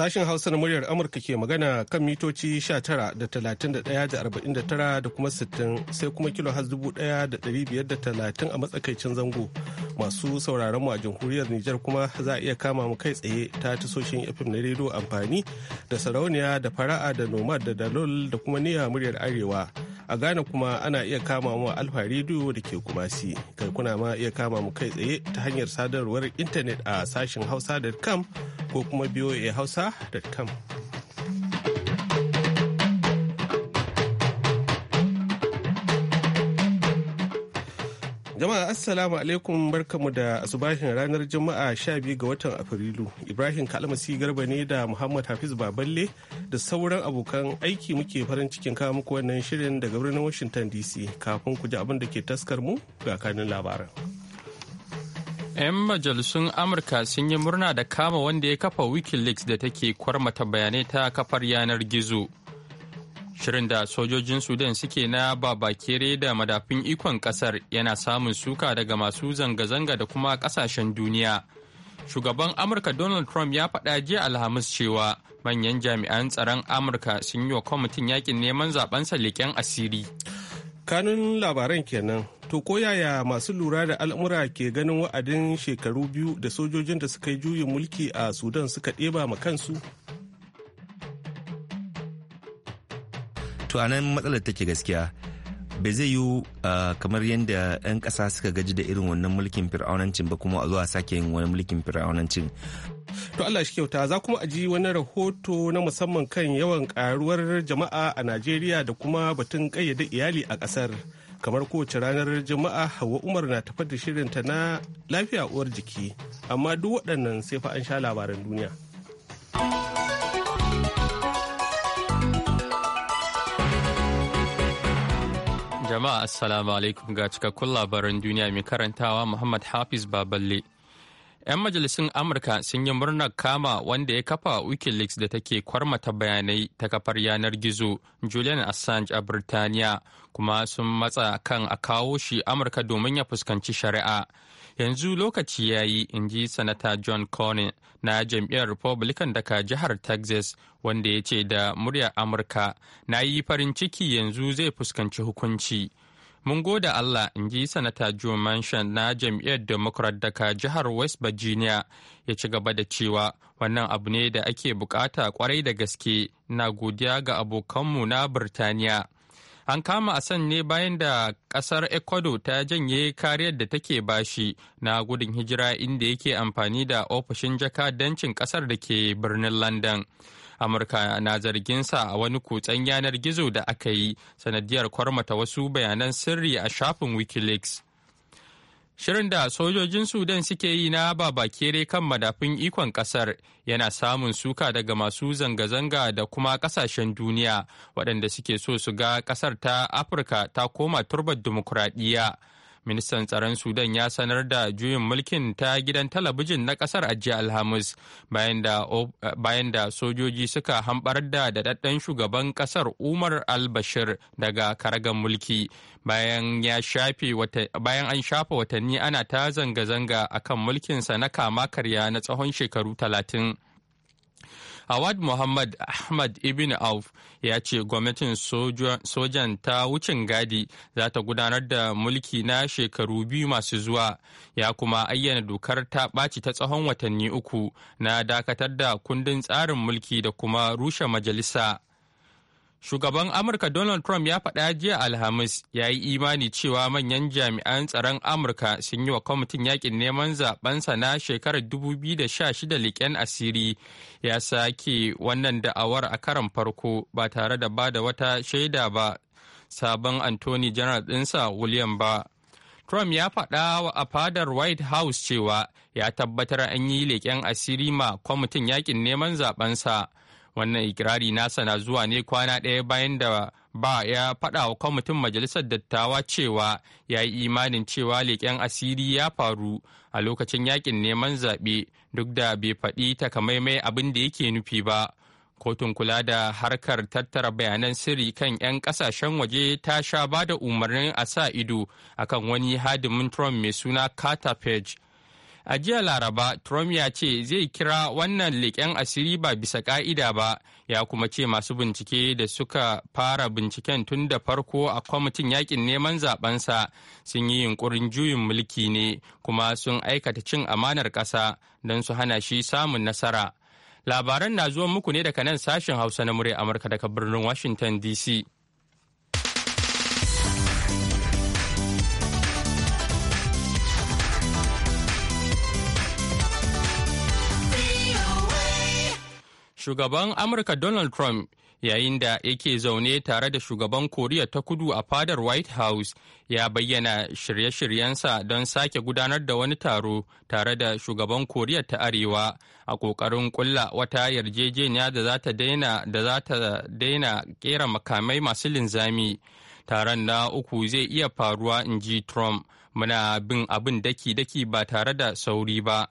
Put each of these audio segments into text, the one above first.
Sashen Hausa na muryar Amurka ke magana kan mitoci 19 da 31 da 49 da kuma 60 sai kuma kilo has 1530 a matsakaicin zango. Masu sauraron mu a jamhuriyar Nijar kuma za a iya kama mu kai tsaye ta tasoshin FM na rediyo amfani da sarauniya da fara'a da nomad da dalol da kuma niya muryar Arewa. a Ghana kuma ana iya kama mu Alfa rediyo da ke Kumasi. Kai kuna ma iya kama mu kai tsaye ta hanyar sadarwar intanet a sashin hausa.com ko kuma hausa.com. Jama'a Assalamu alaikum barkamu da asubahin ranar Juma'a 12 ga watan Afrilu. Ibrahim Kalmasi Garba ne da Muhammad Hafiz Baballe da sauran abokan aiki muke farin cikin kawo muku wannan shirin daga birnin Washington DC kafin ku ji abin da ke taskar mu ga kanin labaran. 'Yan majalisun Amurka sun yi murna da kama wanda ya kafa Wikileaks da take kwarmata bayanai ta kafar yanar gizo. shirin da sojojin sudan suke na babakere da madafin ikon kasar yana samun suka daga masu zanga-zanga da kuma kasashen duniya shugaban amurka donald trump ya faɗa jiya alhamis cewa manyan jami'an tsaron amurka sun yi wa kwamitin yakin neman zabensa leƙen asiri kanun labaran kenan to ko yaya masu lura da al'amura ke ganin wa'adin shekaru biyu da sojojin da suka yi juyin mulki a sudan suka ɗeba ma kansu to a nan matsalar take gaskiya bai zai yiwu ah, kamar yadda 'yan ƙasa suka gaji da irin wannan mulkin fir'aunancin ba kuma a zuwa sake yin wani mulkin fir'aunancin. To Allah shi kyauta za kuma aji wani rahoto na musamman kan yawan karuwar jama'a a Najeriya da kuma batun ƙayyade iyali a ƙasar. Kamar kowace ranar jama'a Hauwa Umar na tafar da shirinta na lafiya uwar jiki, amma duk waɗannan sai fa an sha labaran duniya. Jama'a Assalamu alaikum ga cikakkun labaran duniya mai karantawa Muhammad Hafiz Baballe. 'Yan majalisun Amurka sun yi murnar kama wanda ya kafa Wikileaks da take kwarmata bayanai ta kafar yanar gizo Julian Assange a Birtaniya kuma sun matsa kan a kawo shi Amurka domin ya fuskanci shari'a. yanzu lokaci ya yi in ji sanata john cornyn na jam'iyyar republican daga jihar texas wanda ya ce da muryar amurka na yi farin ciki yanzu zai fuskanci hukunci mun gode allah in ji sanata joe manchin na jam'iyyar democrat daga jihar west virginia ya ci gaba da cewa wannan abu ne da ake bukata kwarai da gaske na godiya ga abokanmu na birtaniya An kama san ne bayan da kasar Ecuador ta janye kariyar da take bashi na gudun hijira inda yake amfani da ofishin jakadancin ƙasar da ke birnin London. Amurka na zargin sa a wani kutsen yanar gizo da aka yi sanadiyar kwarmata wasu bayanan sirri a shafin Wikileaks. Shirin da sojojin Sudan suke yi na baba babakere kan madafin ikon kasar yana samun suka daga masu zanga-zanga da kuma kasashen duniya waɗanda suke so su ga kasar ta Afirka ta koma turbar dimokuraɗiyya ministan tsaron sudan ya sanar da juyin mulkin ta gidan talabijin na kasar a jiya alhamis bayan da sojoji suka hambar da daɗaɗɗen shugaban kasar umar al-bashir daga karagan mulki bayan an shafa watanni ana ta zanga-zanga akan mulkinsa na kama karya na tsawon shekaru talatin. awad muhammad ahmad ibn auf ya ce gwamnatin sojan ta wucin gadi za ta gudanar da mulki na shekaru biyu masu zuwa ya kuma ayyana dokar ta ɓaci ta tsawon watanni uku na dakatar da kundin tsarin mulki da kuma rushe majalisa Shugaban Amurka Donald Trump ya faɗa jiya Alhamis ya yi imani cewa manyan jami'an tsaron Amurka sun yi wa kwamitin yakin neman zaɓensa na shekarar 2016 liƙen asiri ya sake wannan da'awar a karan farko ba tare da ba da wata shaida ba sabon Anthony General ɗinsa William ba. Trump ya faɗa a fadar White House cewa ya tabbatar an yi leƙen asiri ma kwamitin yakin neman zabensa. wannan ikirari nasa na zuwa ne kwana ɗaya bayan da ba ya faɗa wa kwamitin majalisar dattawa cewa ya yi imanin cewa leƙen asiri ya faru a lokacin yakin neman zaɓe duk da bai faɗi takamaimai abin da yake nufi ba kotun kula da harkar tattara bayanan sirri kan 'yan kasashen waje ta sha ba da umarnin a sa ido akan wani hadimin trump mai suna carter page A jiya Laraba, Trump ya ce zai kira wannan leƙen asiri ba bisa ƙa'ida ba, ya kuma ce masu bincike da suka fara binciken tun da farko a kwamitin yakin neman zabensa sun yi yunkurin juyin mulki ne, kuma sun aikata cin amanar ƙasa don su hana shi samun nasara. Labaran na zuwa muku ne daga nan sashen Hausa na murya Amurka daga birnin Washington DC. shugaban amurka donald trump yayin da yake zaune tare da shugaban koriya ta kudu a fadar white house ya bayyana shirye-shiryensa don sake gudanar da wani taro tare da shugaban koriya ta arewa a kokarin kulla wata yarjejeniya da za ta daina da za ta daina kera makamai masu linzami taron na uku zai iya faruwa in ji trump muna bin abin daki-daki ba tare da sauri ba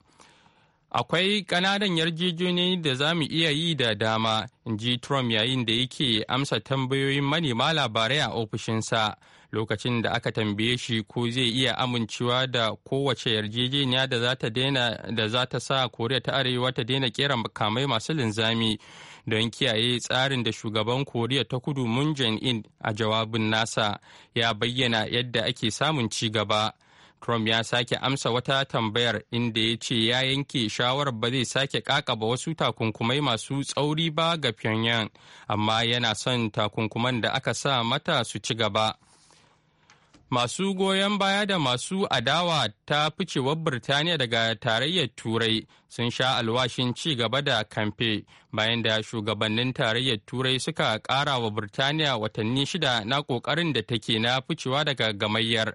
Akwai ƙananan yarjejeniyoyi da za mu iya yi da dama, in ji Trump yayin da yake amsa tambayoyin manema labarai a ofishinsa. Lokacin da aka tambaye shi ko zai iya amincewa da kowace yarjejeniya da za ta daina da za ta sa Koriya ta Arewa ta daina kera makamai masu linzami don kiyaye tsarin da shugaban Koriya ta Kudu Moon Jae-in a jawabin nasa ya bayyana yadda ake samun ci gaba. Trump ya sake amsa wata tambayar inda ya ce ya yanke shawarar ba zai sake kakaba wasu takunkumai masu tsauri ba ga Pyongyang, amma yana son takunkuman da aka sa mata su ci gaba. Masu goyon baya da masu adawa ta ficewar Birtaniya daga tarayyar Turai sun sha alwashin ci gaba da kamfe bayan da shugabannin tarayyar Turai suka ƙara wa Birtaniya watanni shida na ƙoƙarin da take na ficewa daga gamayyar.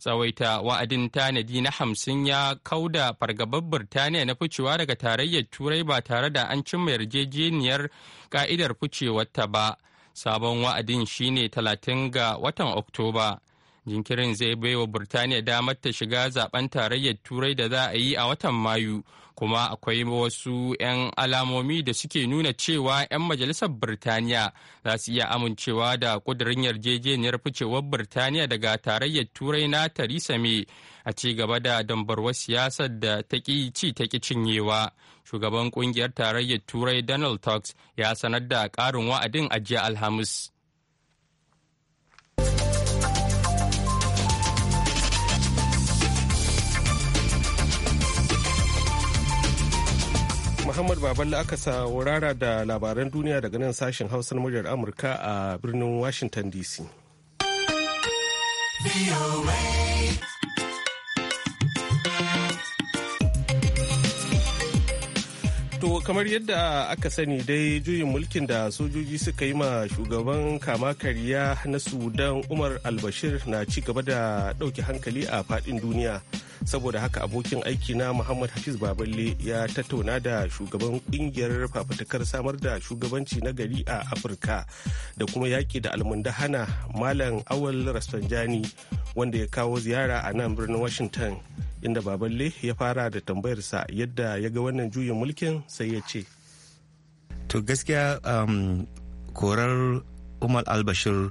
tsawaita wa'adin tanadi na hamsin ya kauda fargabar birtaniya na ficewa daga tarayyar turai ba tare da an cimma yarjejeniyar ka'idar ficewarta ba sabon wa'adin shine talatin ga watan oktoba jinkirin zai baiwa birtaniya damar ta shiga zaben tarayyar turai da za a yi a watan mayu kuma akwai wasu 'yan alamomi da suke nuna cewa 'yan majalisar birtaniya za su iya amincewa da kudurin yarjejeniyar ficewar birtaniya daga tarayyar turai na theresa may a ci gaba da dambarwar siyasar da ta ƙi ci ta ƙi cinyewa shugaban kungiyar tarayyar turai donald tusk ya sanar da ƙarin wa'adin a alhamis Muhammad baballe aka saurara da labaran duniya daga nan sashen Hausa na muryar Amurka a birnin Washington DC. To kamar yadda aka sani dai juyin mulkin da sojoji suka yi ma shugaban kama karya na Sudan Umar Albashir na ci gaba da ɗauke hankali a faɗin duniya. Saboda haka abokin aiki na Muhammad Hafiz Baballe ya tattauna da shugaban kungiyar fafutukar samar da shugabanci na gari a Afirka da kuma yaƙi da almundahana Malam Awal Rastanjani wanda ya kawo ziyara a nan birnin Washington. inda baballe ya fara da tambayarsa yadda ya ga wannan juyin mulkin sai ya ce to gaskiya um, korar umar albashir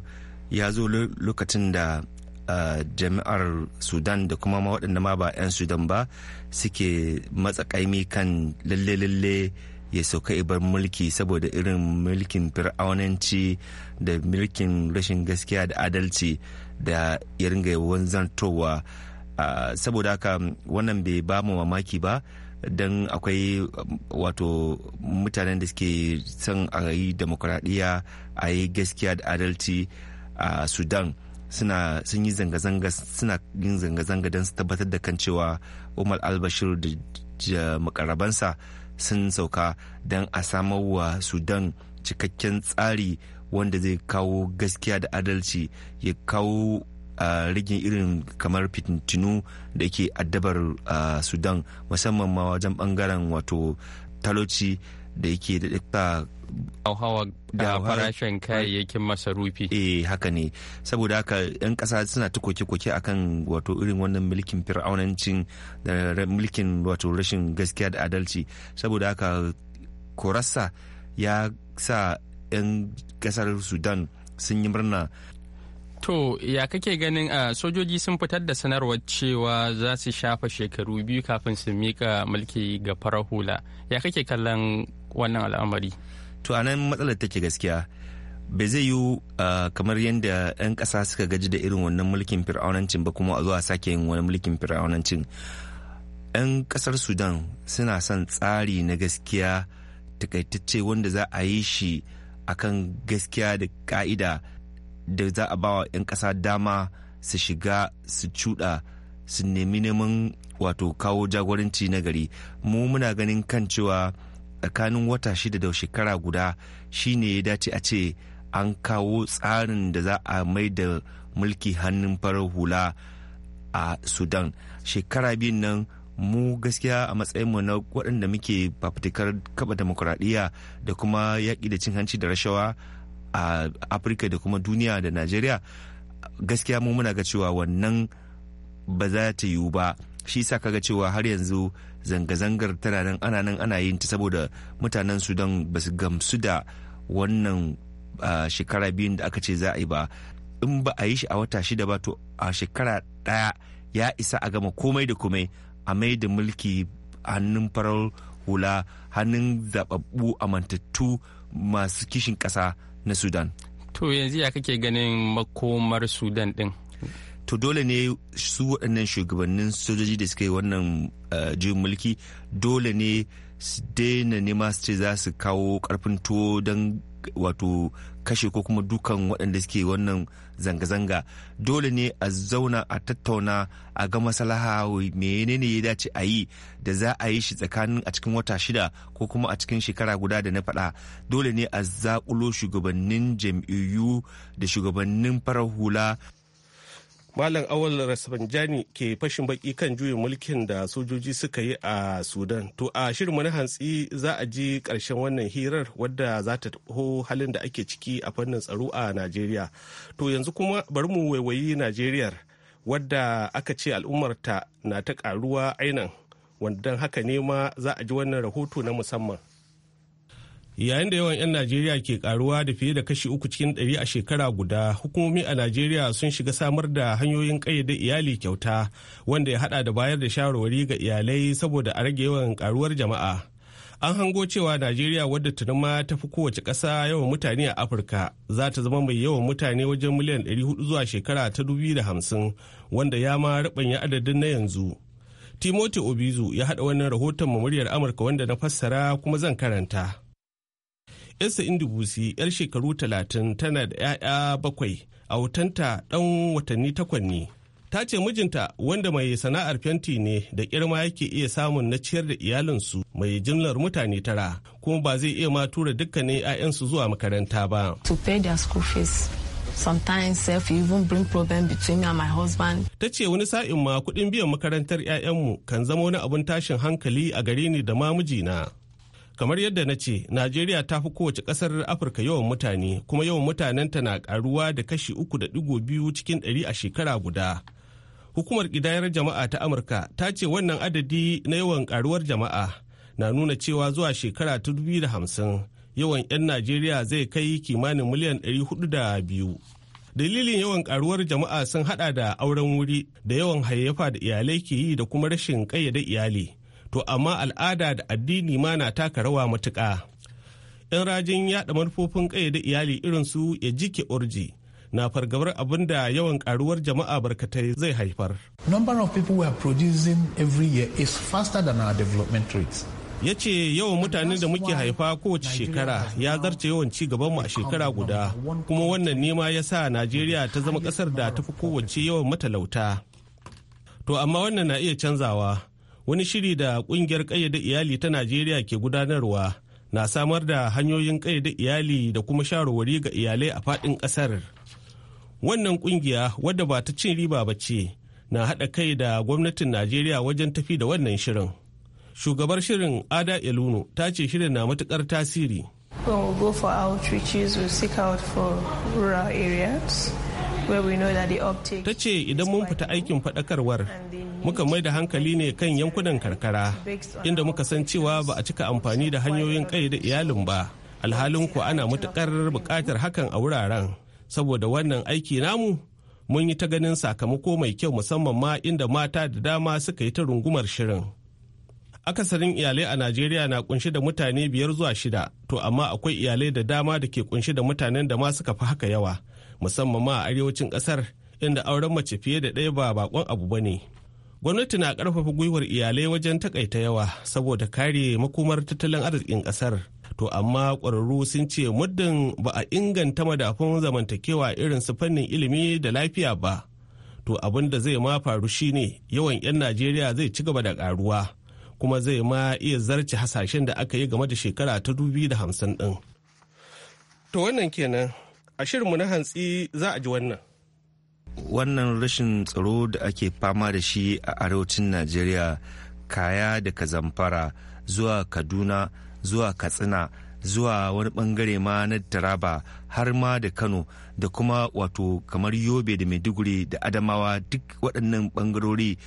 ya zo lokacin da uh, jami'ar sudan da kuma ma waɗanda ma ba 'yan sudan ba suke matsakaimi kan lalle-lalle ya sauka ibar mulki saboda irin mulkin fir'aunanci da mulkin rashin gaskiya da adalci da ya ringa wanzantowa saboda haka wannan bai ba mu mamaki ba don akwai wato mutanen da suke son a yi demokuraɗiyya a yi gaskiya da adalci a sudan suna sun yi zanga-zanga suna yin zanga-zanga don su tabbatar da kan cewa umar albashir da makarabansa sun sauka don a samar wa sudan cikakken tsari wanda zai kawo gaskiya da adalci ya kawo a rigin irin kamar fitintinu da ke addabar sudan musamman ma wajen bangaren wato taloci da yake da hauhawa da farashin kayayyakin masarufi eh haka ne saboda haka yan kasa suna ta koke-koke akan wato irin wannan mulkin fir'aunancin da mulkin wato rashin gaskiya da adalci saboda haka korassa ya sa yan kasar sudan sun yi murna To ya kake ganin a sojoji sun fitar da sanarwar cewa za su shafa shekaru biyu kafin su mika mulki ga farar hula. Ya kake kallon wannan al'amari? To a nan matsalar take gaskiya. Bai zai yi kamar yadda 'yan ƙasa suka gaji da irin wannan mulkin fir'aunancin ba kuma a zuwa sake yin wani mulkin fir'aunancin. 'Yan ƙasar Sudan suna son tsari na gaskiya takaitacce wanda za a yi shi akan gaskiya da ka'ida da za a bawa 'yan ƙasa dama su shiga su cuɗa su nemi neman wato kawo jagoranci na gari mu muna ganin kan cewa tsakanin wata shida da shekara guda shine ya dace a ce an kawo tsarin da za a mai da mulki hannun farar hula a sudan shekara biyun nan mu gaskiya a matsayin mu na waɗanda muke fafutukar kaba demokuraɗiyya da kuma yaƙi da cin hanci da rashawa a afirka da kuma duniya da najeriya gaskiya mu muna ga cewa wannan ba za ta yiwu ba shi sa kaga cewa har yanzu zanga-zangar tana nan ana nan ana yin ta saboda mutanen sudan ba su gamsu da wannan shekara biyun da aka ce za a yi ba in ba a yi shi a wata shida ba to a shekara ɗaya ya isa a gama komai da komai a mai da mulki hannun farar hula hannun zababbu amantattu masu kishin kasa. na sudan to yanzu ya kake ganin makomar sudan din to dole ne su waɗannan shugabannin sojoji da suka yi wannan eh, jin mulki dole ne su daina nema su ce za su kawo karfin tuwo don wato kashe ko kuma dukan waɗanda suke wannan zanga-zanga dole ne a zauna a tattauna a ga masalaha menene ya dace a yi da za a yi shi tsakanin a cikin wata shida ko kuma a cikin shekara guda da na faɗa dole ne a zaƙulo shugabannin jam'iyyu da shugabannin farar hula Malam Awal Rasbanjani ke fashin baki kan juyin mulkin da sojoji suka yi a Sudan. To a shirin na hantsi za a ji ƙarshen wannan hirar wadda za ta taho halin da ake ciki a fannin tsaro a Najeriya. To yanzu kuma bari mu waiwayi Najeriya wadda aka ce al'ummarta na ta ƙaruwa ainan. Wanda haka ne ma za a ji wannan rahoto na musamman. yayin da yawan 'yan najeriya ke karuwa da fiye da kashi uku cikin ɗari a shekara guda hukumomi a najeriya sun shiga samar da hanyoyin ƙayyade iyali kyauta wanda ya hada da bayar da shawarwari ga iyalai saboda a rage yawan karuwar jama'a an hango cewa najeriya wadda tuni ma ta fi kowace ƙasa yawan mutane a afirka za ta zama mai yawan mutane wajen miliyan hudu zuwa shekara ta 2050 wanda ya ma rabanya adadin na yanzu timothy obizu ya haɗa wannan rahoton muryar amurka wanda na fassara kuma zan karanta yarsa Indubusi yar shekaru talatin tana da 'ya'ya bakwai a wutanta ɗan watanni takwanni. Ta ce mijinta wanda mai sana'ar fenti ne da kirma yake iya samun na ciyar da iyalinsu mai jimlar mutane tara kuma ba zai iya ma tura dukkanin 'ya'yansu zuwa makaranta ba. To pay their school fees. sometimes self even bring problem between me and my husband. Ta ce wani sa'in ma kuɗin biyan makarantar 'ya'yanmu kan zama wani abun tashin hankali a gare ni da ma mijina. kamar yadda na ce najeriya ta fi kowace ƙasar afirka yawan mutane kuma yawan mutanenta na karuwa da kashi uku da digo biyu cikin ɗari a shekara guda hukumar ƙidayar jama'a ta amurka ta ce wannan adadi na yawan ƙaruwar jama'a na nuna cewa zuwa shekara ta dubu da hamsin yawan 'yan najeriya zai kai kimanin miliyan ɗari hudu da biyu dalilin yawan karuwar jama'a sun hada da auren wuri da yawan hayayyafa da iyalai ke yi da kuma rashin ƙayyade iyali to amma al'ada da addini ma na taka rawa matuƙa. 'Yan rajin yaɗa manufofin da iyali irin su ya jike orji na fargabar abin da yawan karuwar jama'a barkatai zai haifar. Number of people we producing every year is faster than our development rates. ya ce yawan mutanen da muke haifa kowace shekara ya zarce yawan ci mu a shekara guda kuma wannan nema ya sa najeriya ta zama kasar da tafi kowace yawan matalauta to amma wannan na iya canzawa wani shiri da kungiyar kayyade iyali ta najeriya ke gudanarwa na samar da hanyoyin kayyade iyali da kuma shawarwari ga iyalai a faɗin ƙasar wannan kungiya wadda ba ta cin riba ba ce na haɗa kai da gwamnatin najeriya wajen tafi da wannan shirin shugabar shirin ada elunu ta ce shirin na matukar tasiri When for outreaches, we seek out Ta ce idan mun fita aikin faɗakarwar muka mai da hankali ne kan yankunan karkara inda muka san cewa ba a cika amfani da hanyoyin kai da iyalin ba alhalin ku ana matukar bukatar hakan a wuraren saboda wannan aiki namu mun yi ta ganin sakamako mai kyau musamman ma inda mata da dama suka yi ta rungumar shirin akasarin iyalai a najeriya na kunshi da mutane biyar zuwa shida to amma akwai iyalai da dama da ke kunshi da mutanen da ma suka fi haka yawa musamman ma a arewacin kasar inda auren mace fiye da ɗaya ba bakon abu ba ne gwamnati na karfafa gwiwar iyalai wajen takaita yawa saboda kare makomar tattalin arzikin ƙasar. to amma ƙwararru sun ce muddin ba a inganta madafun zamantakewa irin su fannin ilimi da lafiya ba to abin da zai ma faru shine yawan 'yan najeriya zai ci gaba da karuwa kuma zai ma iya zarce hasashen da aka yi game da shekara ta da hamsin din to wannan kenan a shirinmu na hantsi za a ji wannan wannan rashin tsaro da ake fama da shi a arewacin najeriya kaya daga zamfara zuwa kaduna zuwa katsina zuwa wani bangare ma na taraba har ma da kano da kuma wato kamar yobe da maiduguri da adamawa duk waɗannan bangarori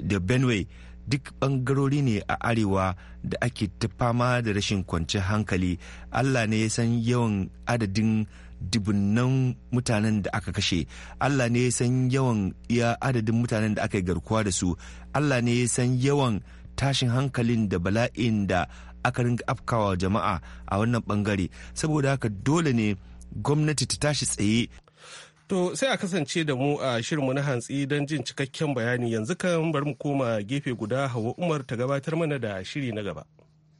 da benue duk bangarori ne a arewa da ake ta fama da rashin kwanciyar hankali allah ne ya san yawan adadin dubunnan mutanen da aka kashe allah ne ya san yawan iya adadin mutanen da aka yi garkuwa da su allah ne ya san yawan tashin hankalin da bala'in da aka ringa afkawa jama'a a wannan bangare saboda haka dole ne gwamnati ta tashi tsaye To sai a kasance da mu a shirinmu na hantsi don jin cikakken bayani yanzu kan bari mu koma gefe guda Hawa Umar ta gabatar mana da shiri na gaba.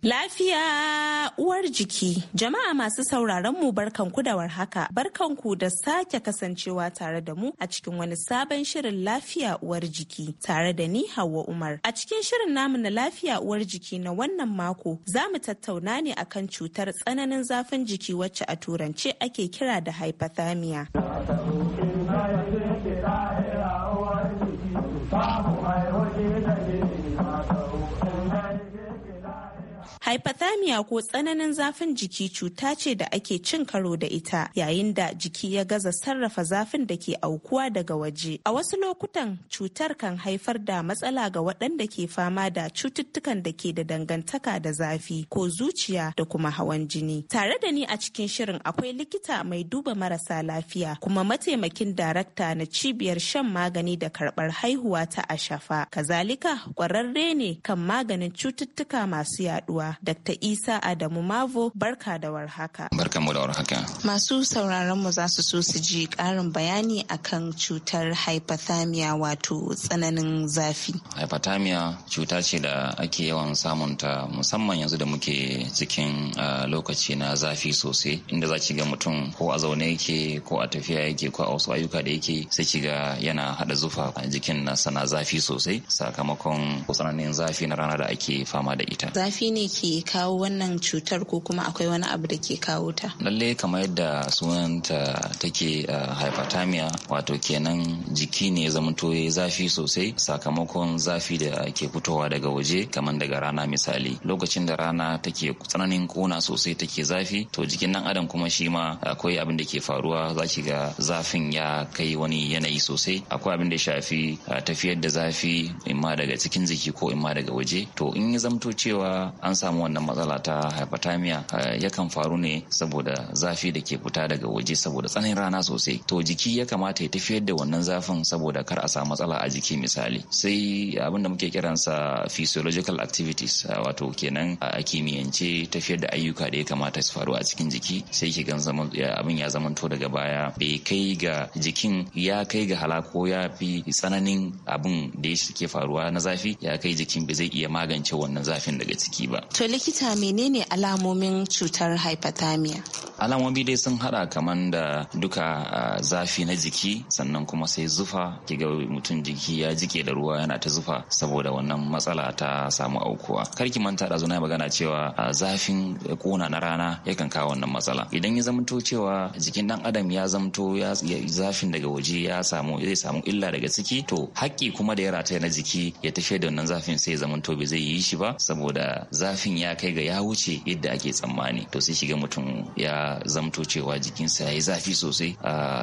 Lafiya uwar jiki, jama'a masu sauraron mu barkanku da warhaka, barkanku da sake kasancewa tare da mu a cikin wani sabon shirin lafiya uwar jiki tare da ni Hauwa Umar. A cikin shirin namu na lafiya uwar jiki na wannan mako, za mu tattauna ne akan cutar tsananin zafin jiki wacce a turance ake kira da hypothermia. Hypothermia ko tsananin zafin jiki cuta ce da ake cin karo da ita yayin da jiki ya gaza sarrafa zafin da ke aukuwa daga waje. A wasu lokutan cutar kan haifar da matsala ga waɗanda ke fama da cututtukan da ke da dangantaka da zafi ko zuciya da kuma hawan jini. Tare da ni a cikin shirin akwai likita mai duba marasa lafiya kuma mataimakin darakta na cibiyar shan magani da karɓar haihuwa ta Ashafa. Kazalika ƙwararre ne kan maganin cututtuka masu yaɗuwa. Dr. Isa Adamu Mavo barka da warhaka. Barka mu da warhaka. Masu sauraron mu za su so su ji karin bayani akan cutar hypothermia wato tsananin zafi. Hypothermia cuta ce da ake yawan samun ta musamman yanzu da muke cikin lokaci na zafi sosai inda za ga mutum ko a zaune yake ko a tafiya yake ko a wasu ayyuka da yake sai ki ga yana hada zufa a jikin nasa na zafi sosai sakamakon tsananin zafi na rana da ake fama da ita. Zafi ne ke kawo wannan cutar ko kuma akwai wani abu da ke kawo ta lalle kamar yadda sunanta take hypothermia wato kenan jiki ne ya zamanto ya zafi sosai sakamakon zafi da ke fitowa daga waje kamar daga rana misali lokacin da rana take tsananin kona sosai take zafi to jikin nan adam kuma shi ma akwai abin da ke faruwa za ki ga zafin ya kai wani yanayi sosai akwai abin da shafi tafiyar da zafi imma daga cikin jiki ko imma daga waje to in ya zamto cewa an samu samu wannan matsala ta hypothermia eh, yakan faru ne saboda zafi da ke fita daga waje saboda tsananin rana sosai to jiki ya kamata ya tafiyar da wannan zafin saboda kar a samu matsala a jiki misali sai abin da muke kiransa physiological activities eh, wato kenan a kimiyyance tafiyar da ayyuka da ya kamata su faru a cikin jiki sai ki gan abin ya zamanto daga baya bai kai ga jikin ya kai ga halako ya fi tsananin abin da ya ke faruwa na zafi ya kai jikin bai zai iya magance wannan zafin daga ciki ba To likita menene alamomin cutar hypothermia? alamomi dai sun hada kamar da duka zafi na jiki sannan kuma sai zufa Ki ga mutum jiki ya jike da ruwa yana ta zufa saboda wannan matsala ta samu aukuwa Kar ki manta da zuna magana cewa zafin kona na rana yakan kawo wannan matsala idan ya zamto cewa jikin dan adam ya zamto ya zafin daga waje ya samu zai samu illa daga ciki to haƙƙi kuma da ya rataya na jiki ya tafi da wannan zafin sai ya zamanto bai zai yi shi ba saboda zafin mutum ya kai ga ya wuce yadda ake tsammani to sai shiga mutum ya zamto cewa jikinsa ya yi zafi sosai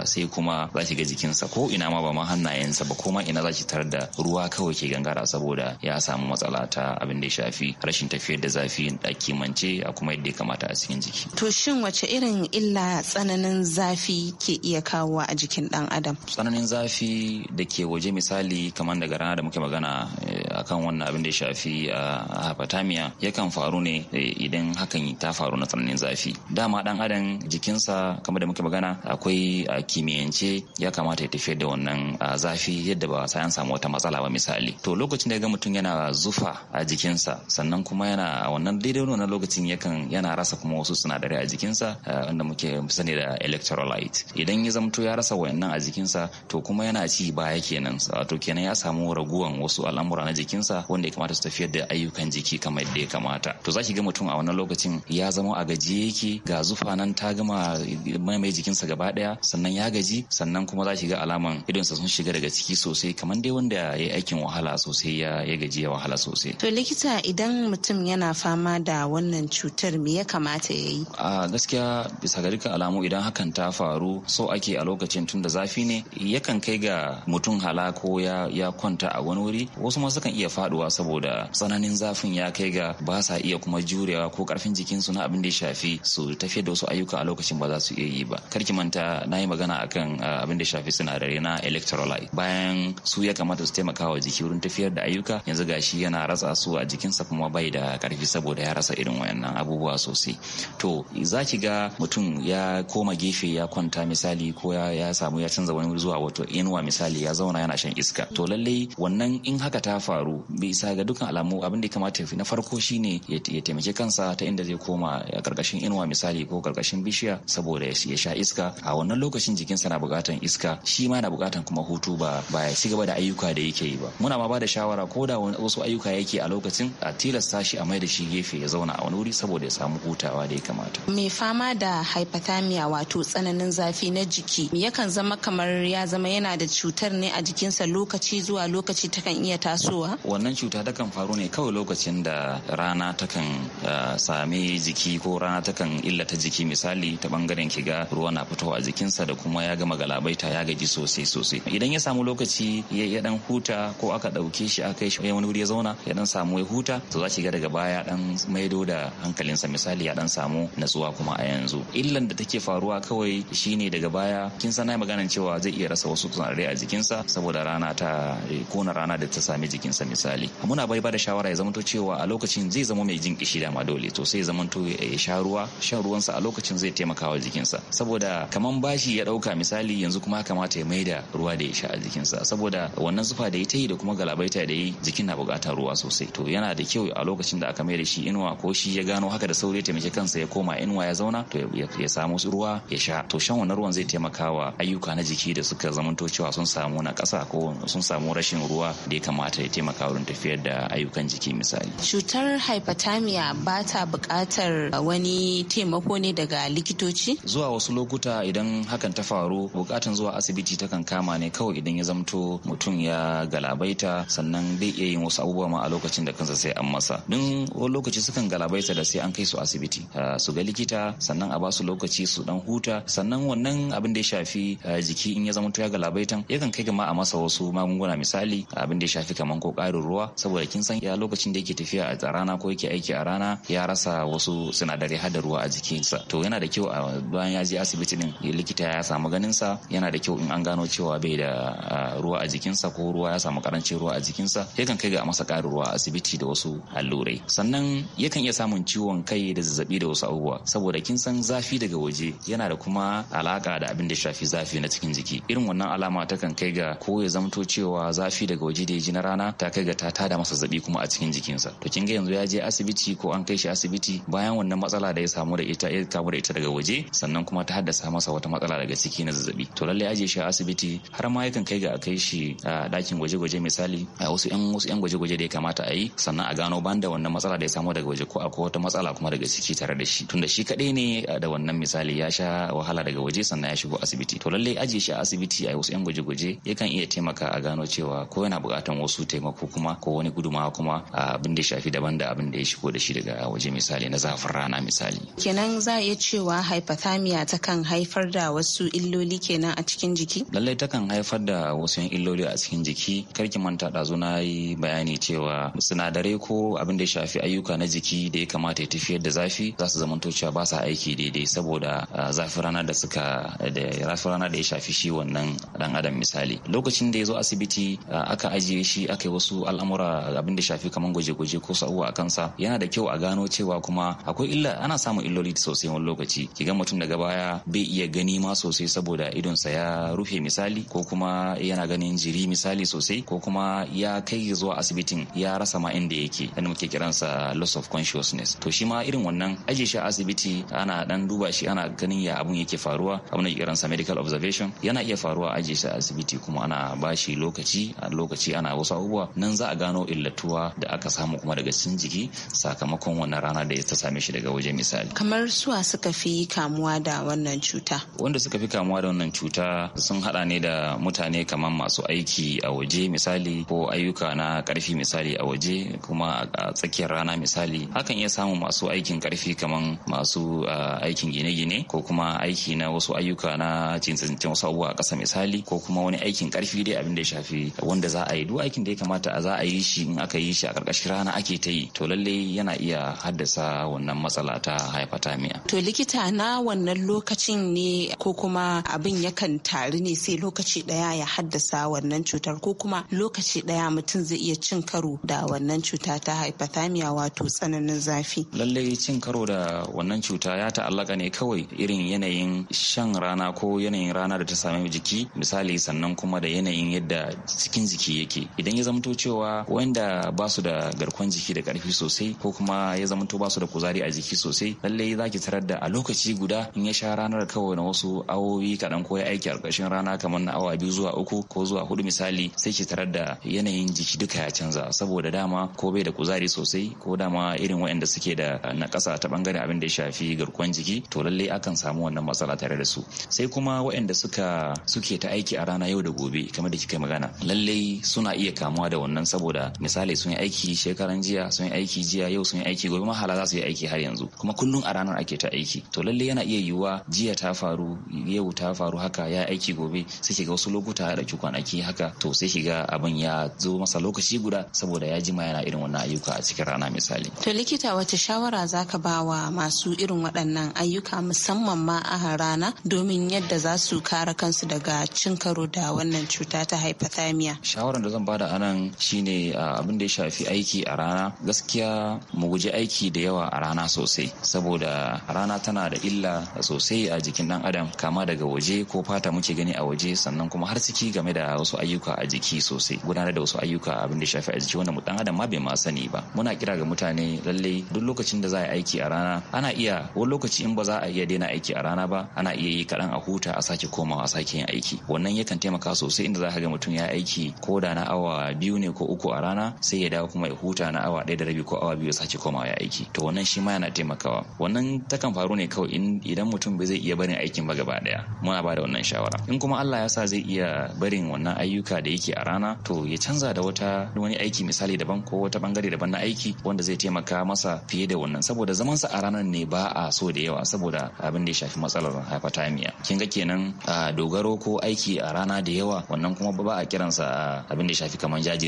sai kuma za shiga jikinsa ko ina ma ba ma hannayensa ba ko ma ina za shi tar da ruwa kawai ke gangara saboda ya samu matsala ta abin da ya shafi rashin tafiyar da zafi a kimance a kuma yadda ya kamata a cikin jiki. To shin wace irin illa tsananin zafi ke iya kawowa a jikin dan adam? Tsananin zafi da ke waje misali kamar daga rana da muke magana eh, akan wannan abin da ya shafi a hypothermia yakan faru ne e, idan hakan ta faru na tsananin zafi dama dan adam jikinsa kamar da muke magana akwai a kimiyyance ya kamata ya tafi da wannan zafi yadda ba sa an samu wata matsala ba misali to lokacin da ya ga mutum yana zufa a jikinsa sannan kuma yana a wannan daidai wannan lokacin yakan yana rasa kuma wasu sinadarai a jikinsa wanda muke sani da electrolyte idan ya zamto ya rasa wayannan a jikinsa to kuma yana ci baya kenan wato kenan ya samu raguwan wasu al'amura na jiki jikinsa wanda ya kamata su tafiyar da ayyukan jiki kamar da ya kamata to zaki ga mutum a wannan lokacin ya zama a gaji yake ga zufa nan ta gama maimai jikinsa gaba daya sannan ya gaji sannan kuma zaki ga alaman idonsa sun shiga daga ciki sosai kamar dai wanda ya yi aikin wahala sosai ya gaji ya wahala sosai to likita idan mutum yana fama da wannan cutar me ya kamata ya yi a gaskiya bisa ga dukkan alamu idan hakan ta faru so ake a lokacin tun da zafi ne yakan kai ga mutum hala ko ya kwanta a wani wuri wasu ma sukan iya faduwa saboda tsananin zafin ya kai ga ba sa iya kuma jurewa ko karfin jikinsu na abin da ya shafi su tafiyar da wasu ayyuka a lokacin ba za su iya yi ba Kar ki manta na yi magana akan ah, abin da ya shafi sinadarai na electrolyte bayan su ya kamata su taimaka wa jiki wurin tafiyar da ayyuka yanzu gashi yana rasa su a jikinsa kuma bai da karfi saboda ya rasa irin wayannan abubuwa sosai to za ki ga mutum ya koma gefe ya kwanta misali ko ya samu ya canza wani zuwa wato inuwa misali ya zauna yana shan iska to lallai wannan in haka ta faru faru bisa ga dukkan alamu abin da ya kamata ya fi na farko shine ya taimaki kansa ta inda zai koma karkashin inuwa misali ko karkashin bishiya saboda ya sha iska a wannan lokacin jikinsa na bukatan iska shi ma na bukatan kuma hutu ba ba ya ci gaba da ayyuka da yake yi ba muna ma ba da shawara ko da wasu ayyuka yake a lokacin a tilasta shi a mai da shi gefe ya zauna a wani wuri saboda ya samu hutawa da ya kamata mai fama da hypothermia wato tsananin zafi na jiki yakan zama kamar ya zama yana da cutar ne a jikinsa lokaci zuwa lokaci takan iya tasowa faruwa? Wannan cuta takan faru ne kawai lokacin da rana takan eh, sami jiki ko rana takan illata jiki misali ta bangaren kiga ruwa na fitowa a jikinsa da kuma ya gama galabaita ya gaji sosai sosai. Idan ya samu lokaci ya dan huta ko aka ɗauke shi aka kai shi wani wuri ya zauna ya dan samu ya huta to za ki ga daga baya dan maido da hankalinsa misali ya dan samu natsuwa kuma a yanzu. Illan da take faruwa kawai shine daga baya kin sanai maganan cewa zai iya rasa wasu tunare a jikinsa saboda rana ta eh, kona rana da ta sami jikinsa. sa misali muna bai ba da shawara ya zamanto cewa a lokacin zai zama mai jin kishi dama dole to sai ya zamanto ya sha ruwa shan ruwansa a lokacin zai taimaka wa jikinsa saboda kaman bashi ya dauka misali yanzu kuma kamata ya maida ruwa da ya sha a jikinsa saboda wannan zufa da ya yi da kuma galabaita da ya yi jikin na bukatar ruwa sosai to yana da kyau a lokacin da aka maida shi inuwa ko shi ya gano haka da sauri ya taimaki kansa ya koma inuwa ya zauna to ya samu ruwa ya sha to shan wannan ruwan zai taimaka wa ayyuka na jiki da suka zamanto cewa sun samu na ƙasa ko sun samu rashin ruwa da ya kamata ya taimaka taimaka wurin tafiyar da ayyukan jiki misali. Cutar hypothermia ba ta buƙatar uh, wani taimako ne daga likitoci? Zuwa wasu lokuta idan hakan ta faru buƙatan zuwa asibiti takan kama ne kawai idan ya zamto mutum ya galabaita sannan bai iya yin wasu abubuwa ma a lokacin da kansa sai an masa. Don wani lokaci sukan galabaita da sai an kai su asibiti uh, su ga likita sannan a ba su lokaci su dan huta sannan wannan abin da ya shafi uh, jiki in ya zamto ya galabaitan yakan kai ma a masa wasu magunguna misali abin da ya shafi kamar Karin ruwa saboda kin san ya lokacin da yake tafiya a rana ko yake aiki a rana ya rasa wasu sinadarai hada ruwa a jikinsa to yana da kyau a bayan ya je asibiti din likita ya samu ganin sa yana da kyau in an gano cewa bai da ruwa a jikinsa ko ruwa ya samu karancin ruwa a jikinsa yakan kai ga masa ƙarin ruwa a asibiti da wasu allurai sannan yakan iya samun ciwon kai da zazzabi da wasu abubuwa saboda kin san zafi daga waje yana da kuma alaka da abin da shafi zafi na cikin jiki irin wannan alama takan kai ga ko ya zamto cewa zafi daga waje da ya ji na rana ta ta kai ga ta tada masa zabi kuma a cikin jikinsa to kin ga yanzu ya je asibiti ko an kai shi asibiti bayan wannan matsala da ya samu da ita ya kamu da ita daga waje sannan kuma ta haddasa masa wata matsala daga ciki na zazzabi to lalle aje shi a asibiti har ma yakan kai ga a kai shi a dakin gwaje-gwaje misali a wasu yan wasu yan gwaje-gwaje da ya kamata a yi sannan a gano ban da wannan matsala da ya samu daga waje ko akwai wata matsala kuma daga ciki tare da shi tunda shi kadai ne da wannan misali ya sha wahala daga waje sannan ya shigo asibiti to lalle aje shi a asibiti a wasu yan gwaje-gwaje yakan iya taimaka a gano cewa ko yana bukatan wasu taimako ko kuma ko wani gudumawa kuma abin da shafi daban da abin da ya shigo da shi daga waje misali na zafin rana misali kenan za a iya cewa hypothermia kan haifar da wasu illoli kenan a cikin jiki lallai ta kan haifar da wasu illoli a cikin jiki karki manta ɗazu na yi bayani cewa sinadarai ko abin da shafi ayyuka na jiki da ya kamata ya tafiyar da zafi za su zamanto cewa ba sa aiki daidai saboda zafin rana da suka da zafin rana da ya shafi shi wannan dan adam misali lokacin da ya zo asibiti aka ajiye shi aka yi wasu wasu al'amura abin da shafi kamar gwaje-gwaje ko sa'uwa a kansa yana da kyau a gano cewa kuma akwai illa ana samun illoli sosai wani lokaci ki ga mutum daga baya bai iya gani ma sosai saboda idonsa ya rufe misali ko kuma yana ganin jiri misali sosai ko kuma ya kai zuwa asibitin ya rasa ma inda yake wanda muke kiransa loss of consciousness to shi ma irin wannan aje shi asibiti ana dan duba shi ana ganin ya abun yake faruwa abun da kiransa medical observation yana iya faruwa aje shi asibiti kuma ana bashi lokaci a lokaci ana wasu abubuwa nan za a gano illatuwa da aka samu kuma daga cikin jiki sakamakon wannan rana da ta same shi daga waje misali kamar suwa suka fi kamuwa da wannan cuta wanda suka fi kamuwa da wannan cuta sun hada ne da mutane kamar masu aiki a waje misali ko ayyuka na karfi misali a waje kuma a tsakiyar rana misali hakan iya samun masu aikin karfi kamar masu aikin gine-gine ko kuma aiki na wasu ayyuka na cincin wasu abubuwa a ƙasa misali ko kuma wani aikin karfi dai abin da ya shafi wanda za a yi duk aikin da ya kamata kamata a za a yi shi in aka yi shi a karkashin rana ake ta yi to lalle yana iya haddasa wannan matsala ta hypothermia to likita na wannan lokacin ne ko kuma abin yakan taru ne sai lokaci daya ya haddasa wannan cutar ko kuma lokaci ɗaya mutum zai iya cin karo da wannan cuta ta hypothermia wato tsananin zafi lalle cin karo da wannan cuta ya ta'allaka ne kawai irin yanayin shan rana ko yanayin rana da ta sami jiki misali sannan kuma da yanayin yadda cikin jiki yake idan ya zama zamanto cewa wanda ba su da garkon jiki da karfi sosai ko kuma ya zamanto ba su da kuzari a jiki sosai lallai za ki tarar da a lokaci guda in ya sha ranar kawai na wasu awowi kaɗan ko ya aiki a ƙarshen rana kamar na awa biyu zuwa uku ko zuwa hudu misali sai ki tarar da yanayin jiki duka ya canza saboda dama ko bai da kuzari sosai ko dama irin waɗanda suke da na ƙasa ta bangaren abin da ya shafi garkuwan jiki to lallai akan samu wannan matsala tare da su sai kuma waɗanda suka suke ta aiki a rana yau da gobe kamar da kika magana lallai suna iya kamuwa da da wannan saboda misali sun yi aiki shekaran jiya sun yi aiki jiya yau sun yi aiki gobe mahala za su yi aiki har yanzu kuma kullum a ranar ake ta aiki to lalle yana iya yiwuwa jiya ta faru yau ta faru haka ya aiki gobe sai shiga wasu lokuta da ki kwanaki haka to sai shiga abin ya zo masa lokaci guda saboda ya jima yana irin wannan ayyuka a cikin rana misali to likita wata shawara zaka ba wa masu irin waɗannan ayyuka musamman ma a rana domin yadda za su kare kansu daga cin karo da wannan cuta ta hypothermia shawaran da zan bada anan shine ah, abin da ya shafi aiki a rana gaskiya mu guji aiki da yawa a rana sosai saboda rana tana da illa sosai a jikin dan adam kama daga waje ko fata muke gani a waje sannan kuma har ciki game da wasu ayyuka a jiki sosai gudanar da wasu ayyuka abin da ya shafi a jiki wanda mu dan adam ma bai ma sani ba muna kira ga mutane lalle duk lokacin da za a yi aiki a rana ana iya wani lokaci in ba za a iya daina aiki a rana ba ana iya yi kaɗan a huta a sake komawa a sake yin aiki wannan yakan taimaka sosai inda za ka ga mutum ya aiki ko da na awa biyu biyu ne ko uku a rana sai ya dawo kuma ya huta na awa ɗaya da rabi ko awa biyu ya sace komawa ya aiki to wannan shi ma yana taimakawa wannan takan faru ne kawai idan mutum bai zai iya barin aikin ba gaba ɗaya muna ba da wannan shawara in kuma Allah ya sa zai iya barin wannan ayyuka da yake a rana to ya canza da wata wani aiki misali daban ko wata bangare daban na aiki wanda zai taimaka masa fiye da wannan saboda zaman sa a ranar ne ba a so da yawa saboda abin da ya shafi matsalar hypothermia kin ga kenan dogaro ko aiki a rana da yawa wannan kuma ba a kiransa abin da ya shafi kamar jaji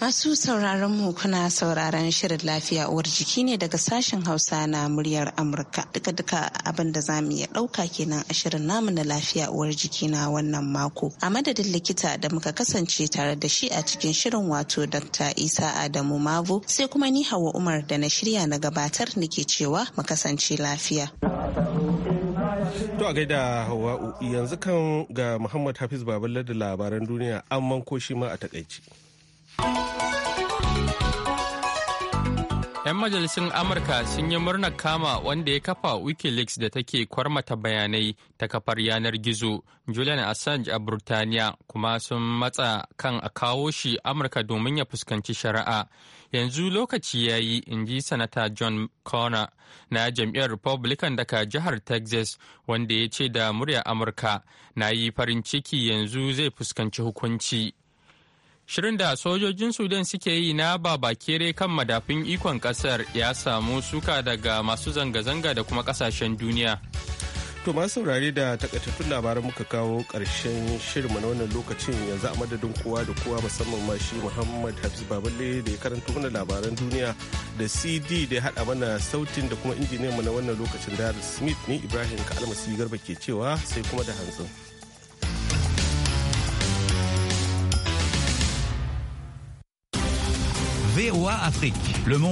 Masu sauraron mu kuna sauraron shirin lafiya uwar jiki ne daga sashen Hausa na muryar Amurka. Duka duka abin da za mu iya ɗauka kenan a shirin namu na lafiya uwar jiki na wannan mako. A madadin likita da muka kasance tare da shi a cikin shirin wato Dr. Isa Adamu Mavo sai kuma ni Hawa Umar da na shirya na gabatar nake cewa mu kasance lafiya. To a gaida Hawa'u yanzu kan ga Muhammad Hafiz Babalar da labaran duniya an ko shi ma a takaici. 'Yan majalisun Amurka sun yi murnar kama wanda ya kafa Wikileaks da take kwarmata bayanai ta kafar yanar gizo Julian Assange a Burtaniya kuma sun matsa kan a kawo shi Amurka domin ya fuskanci shari'a. Yanzu lokaci ya yi, in ji Sanata John Connor na jam'iyyar Republican daga jihar Texas wanda ya ce da murya Amurka na yi farin ciki yanzu zai fuskanci hukunci. shirin da sojojin sudan suke yi na babakere kan madafin ikon kasar ya samu suka daga masu zanga-zanga da kuma kasashen duniya to masu saurare da takaitattun labaran muka kawo karshen shirin na wannan lokacin yanzu a madadin kowa da kowa musamman ma shi muhammad hafiz baballe da ya karanta mana labaran duniya da cd da ya haɗa mana sautin da kuma injiniyan mu na wannan lokacin da smith ne ibrahim ka almasi garba ke cewa sai kuma da hantsin. VOA Afrique. Le monde